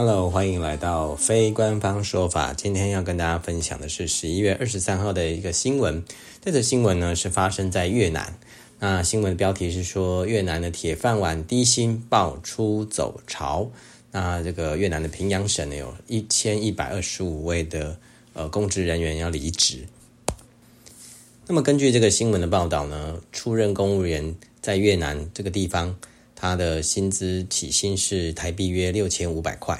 Hello，歡迎來到非官方說法。今天要跟大家分享的是十一月二十三號的一個新聞。這則、個、新聞呢是發生在越南。那新聞的標題是說越南的鐵飯碗低薪爆出走潮。那這個越南的平陽省呢，有一千一百二十五位的呃公職人員要離職。那麼根據這個新聞的報道呢，出任公務員在越南這個地方，他的薪資起薪是台幣約六千五百塊。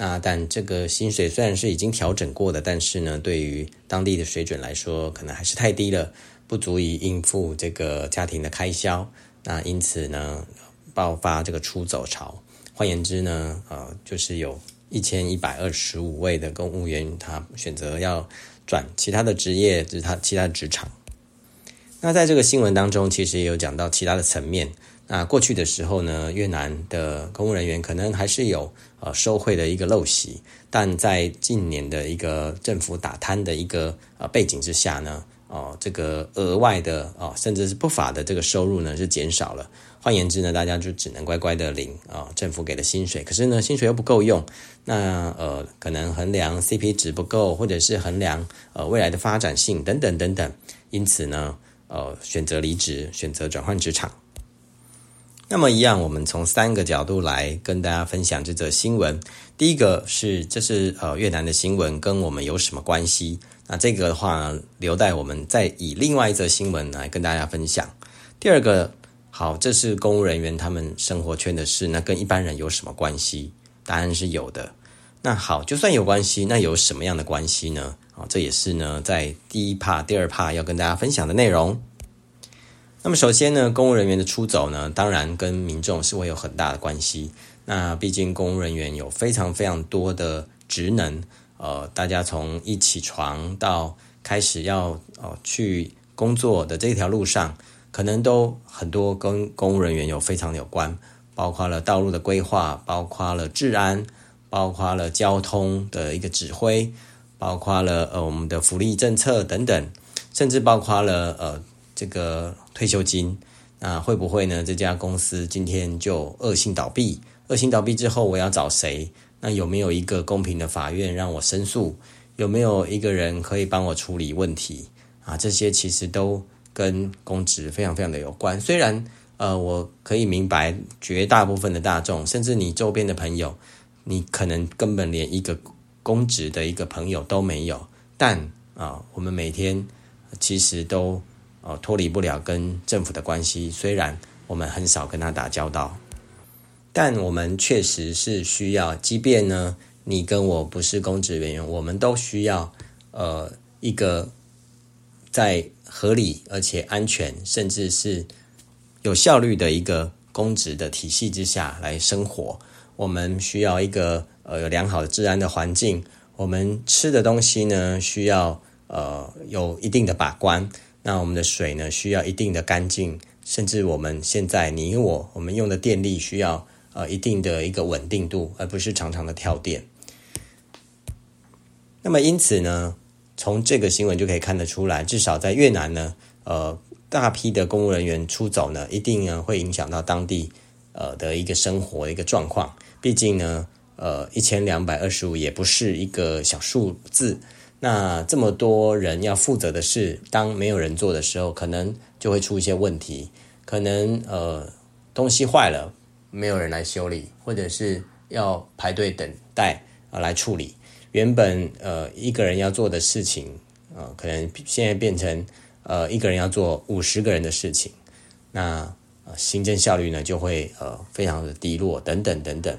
那但這個薪水雖然是已經調整過的，但是呢，對於當地的水準來說，可能還是太低了，不足以應付這個家庭的開銷。那因此呢，爆發這個出走潮。換言之呢，呃，就是有一千一百二十五位的公務員，他選擇要轉其他的職業，就是他其他的職場。那在這個新聞當中，其實也有講到其他的層面。那過去的時候呢，越南的公務人員可能還是有呃收賄的一個陋習，但在近年的一個政府打貪的一個呃背景之下呢，哦、呃，這個額外的哦、呃、甚至是不法的這個收入呢是減少了。換言之呢，大家就只能乖乖的領啊、呃、政府給的薪水，可是呢，薪水又不夠用，那呃可能衡量 CP 值不夠，或者是衡量呃未來的發展性等等等等，因此呢呃選擇離職，選擇轉換職場。那麼一樣，我們從三個角度來跟大家分享這則新聞。第一個是，這是呃越南的新聞，跟我們有什麼關係？那這個的話，留待我們再以另外一則新聞來跟大家分享。第二個，好，這是公務人員他們生活圈的事，那跟一般人有什麼關係？答案是有的。那好，就算有關係，那有什麼樣的關係呢？這也是呢，在第一 part、第二 part 要跟大家分享的內容。那麼，首先呢，公務人員的出走呢，當然跟民眾是會有很大的關係。那畢竟公務人員有非常非常多的職能，呃，大家從一起床到開始要哦、呃、去工作的這條路上，可能都很多跟公務人員有非常有關，包括了道路的規劃，包括了治安，包括了交通的一個指揮，包括了呃我們的福利政策等等，甚至包括了呃。這個退休金，那、啊、會不會呢？這家公司今天就惡性倒閉？惡性倒閉之後，我要找誰？那有沒有一個公平的法院讓我申訴？有沒有一個人可以幫我處理問題？啊，這些其實都跟公職非常非常的有關。雖然呃，我可以明白絕大部分的大眾，甚至你周邊的朋友，你可能根本連一個公職的一個朋友都沒有。但啊，我們每天其實都。哦，脫離不了跟政府的關係。雖然我們很少跟他打交道，但我們確實是需要。即便呢，你跟我不是公職人員，我們都需要呃一個在合理而且安全，甚至是有效率的一個公職的體系之下來生活。我們需要一個呃有良好的治安的環境。我們吃的東西呢，需要呃有一定的把關。那我們的水呢，需要一定的乾淨；甚至我們現在你我，我們用的電力需要呃一定的一個穩定度，而不是常常的跳電。那麼因此呢，從這個新聞就可以看得出來，至少在越南呢，呃，大批的公務人員出走呢，一定呢會影響到當地呃的一個生活一個狀況。畢竟呢，呃，一千兩百二十五也不是一個小數字。那這麼多人要負責的事，當沒有人做的時候，可能就會出一些問題。可能呃，東西壞了，沒有人來修理，或者是要排隊等待，呃，來處理。原本呃一個人要做的事情，呃可能現在變成呃一個人要做五十個人的事情。那，呃，行政效率呢就會呃非常的低落，等等等等。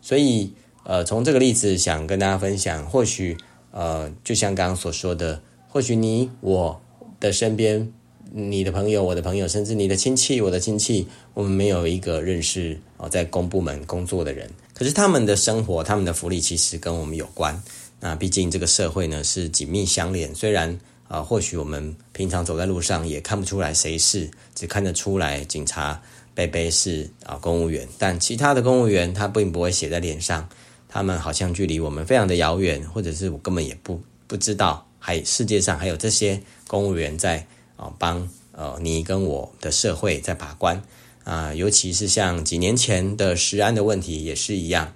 所以呃從這個例子想跟大家分享，或許。呃，就像剛剛所說的，或許你我的身邊，你的朋友、我的朋友，甚至你的親戚、我的親戚，我們沒有一個認識哦、呃，在公部門工作的人。可是他們的生活、他們的福利，其實跟我們有關。那畢竟這個社會呢是緊密相連。雖然啊、呃，或許我們平常走在路上也看不出來誰是，只看得出來警察、杯杯是啊、呃、公務員，但其他的公務員他並不會寫在臉上。他們好像距離我們非常的遙遠，或者是我根本也不不知道，還世界上還有這些公務員在啊、呃、幫呃你跟我的社會在把關啊、呃，尤其是像幾年前的食安的問題也是一樣。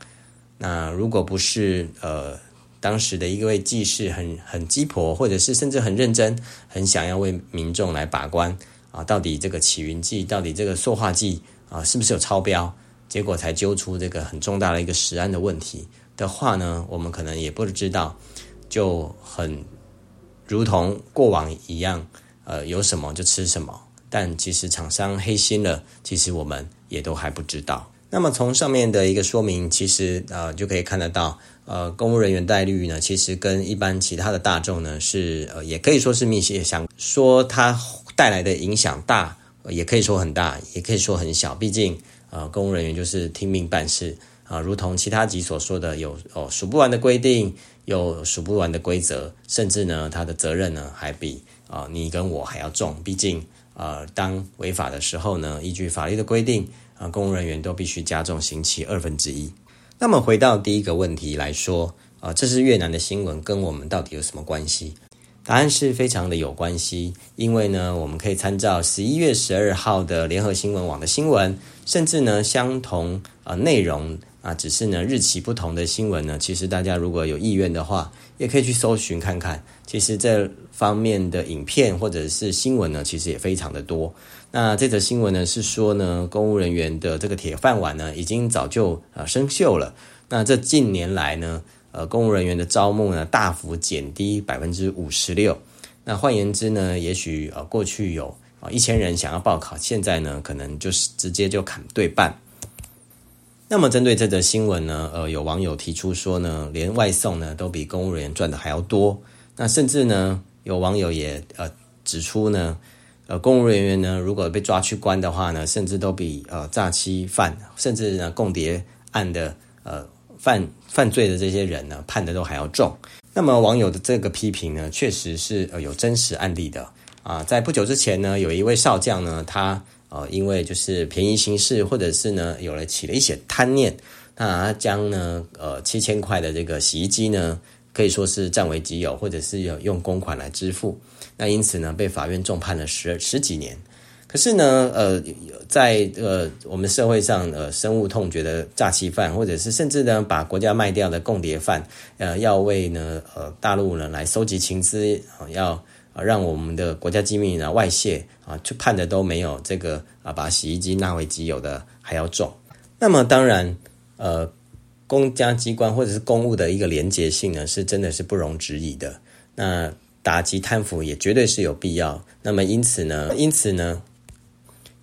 那如果不是呃當時的一位技師很很雞婆，或者是甚至很認真，很想要為民眾來把關啊、呃，到底這個起雲劑到底這個塑化劑啊、呃、是不是有超標？結果才揪出這個很重大的一個食安的問題的話呢，我們可能也不知道，就很如同過往一樣，呃，有什麼就吃什麼。但其實廠商黑心了，其實我們也都還不知道。那麼從上面的一個說明，其實呃就可以看得到，呃，公務人員待遇呢，其實跟一般其他的大眾呢是呃也可以說是密切。想說它帶來的影響大、呃，也可以說很大，也可以說很小，畢竟。啊、呃，公務人員就是聽命辦事啊、呃，如同其他集所說的，有哦數不完的規定，有數不完的規則，甚至呢，他的責任呢還比啊、呃、你跟我還要重。畢竟啊、呃，當違法的時候呢，依據法律的規定啊、呃，公務人員都必須加重刑期二分之一。那麼回到第一個問題來說啊、呃，這是越南的新聞，跟我們到底有什麼關係？答案是非常的有關係，因為呢，我們可以參照十一月十二號的聯合新聞網的新聞，甚至呢相同啊、呃、內容啊、呃，只是呢日期不同的新聞呢，其實大家如果有意願的話，也可以去搜尋看看。其實這方面的影片或者是新聞呢，其實也非常的多。那這則新聞呢是說呢，公務人員的這個鐵飯碗呢，已經早就啊、呃、生鏽了。那這近年來呢，呃，公務人員的招募呢，大幅減低百分之五十六。那換言之呢，也許呃過去有，呃，一千人想要報考，現在呢可能就是直接就砍對半。那麼針對這則新聞呢，呃，有網友提出說呢，連外送呢都比公務人員賺的還要多。那甚至呢，有網友也呃指出呢，呃，公務人員呢如果被抓去關的話呢，甚至都比呃詐欺犯，甚至呢共諜案的呃，犯犯罪的這些人呢，判的都還要重。那麼網友的這個批評呢，確實是呃有真實案例的啊。呃，在不久之前呢，有一位少將呢，他呃因為就是便宜行事，或者是呢有了起了一些貪念，那他將呢呃七千塊的這個洗衣機呢，可以說是占為己有，或者是用公款來支付。那因此呢，被法院重判了十十幾年。可是呢，呃，在呃我們社會上呃深惡痛絕的詐欺犯，或者是甚至呢把國家賣掉的共諜犯，呃，要為呢呃大陸呢，來收集情資，啊、呃，要讓我們的國家機密呢、呃、外泄啊，去、呃、判的都沒有這個啊、呃、把洗衣機納為己有的還要重。那麼當然，呃，公家機關或者是公務的一個廉潔性呢，是真的是不容置疑的。那打擊貪腐也絕對是有必要。那麼因此呢，因此呢。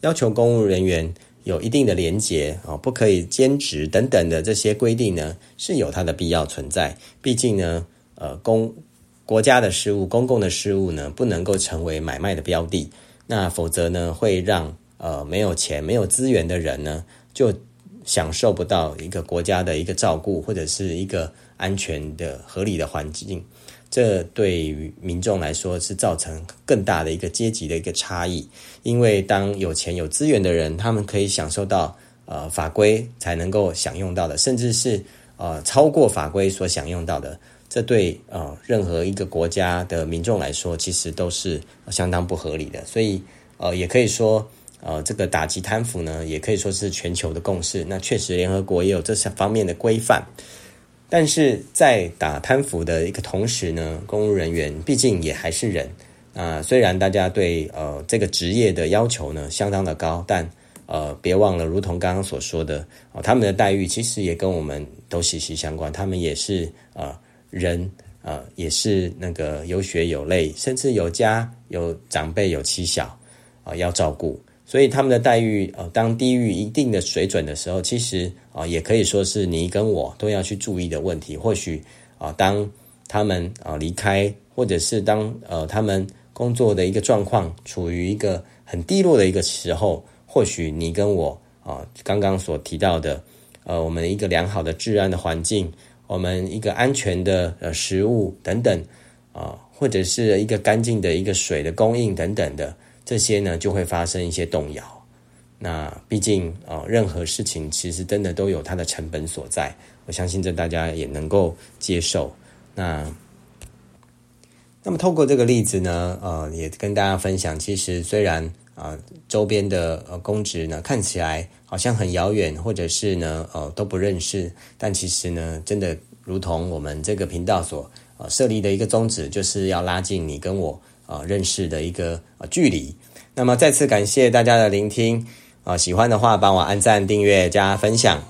要求公務人員有一定的廉潔啊，不可以兼職等等的這些規定呢，是有它的必要存在。畢竟呢，呃，公國家的事務、公共的事務呢，不能夠成為買賣的標的。那否則呢，會讓呃沒有錢、沒有資源的人呢，就享受不到一個國家的一個照顧或者是一個安全的合理的環境。這對於民眾來說是造成更大的一個階級的一個差異，因為當有錢有資源的人，他們可以享受到呃法規才能夠享用到的，甚至是呃超過法規所享用到的，這對呃任何一個國家的民眾來說，其實都是相當不合理的。所以呃也可以說，呃這個打擊貪腐呢，也可以說是全球的共識。那確實，聯合國也有這些方面的規範。但是在打貪腐的一個同時呢，公務人員畢竟也還是人啊、呃。雖然大家對呃這個職業的要求呢相當的高，但呃別忘了，如同剛剛所說的、呃，他們的待遇其實也跟我們都息息相關。他們也是呃人，呃也是那個有血有淚，甚至有家有長輩有妻小啊、呃、要照顧。所以他們的待遇，呃，當低於一定的水準的時候，其實啊、呃，也可以說是你跟我都要去注意的問題。或許啊、呃，當他們啊、呃、離開，或者是當呃他們工作的一個狀況處於一個很低落的一個時候，或許你跟我啊、呃、剛剛所提到的，呃，我們一個良好的治安的環境，我們一個安全的呃食物等等、呃、或者是一個乾淨的一個水的供應等等的。這些呢，就會發生一些動搖。那畢竟啊，呃，任何事情其實真的都有它的成本所在。我相信這大家也能夠接受。那那麼透過這個例子呢，呃，也跟大家分享，其實雖然呃，周邊的呃公職呢看起來好像很遙遠，或者是呢呃都不認識，但其實呢，真的如同我們這個頻道所呃設立的一個宗旨，就是要拉近你跟我。啊，認識的一個距離。那麼，再次感謝大家的聆聽。啊，喜歡的話，幫我按讚、訂閱、加分享。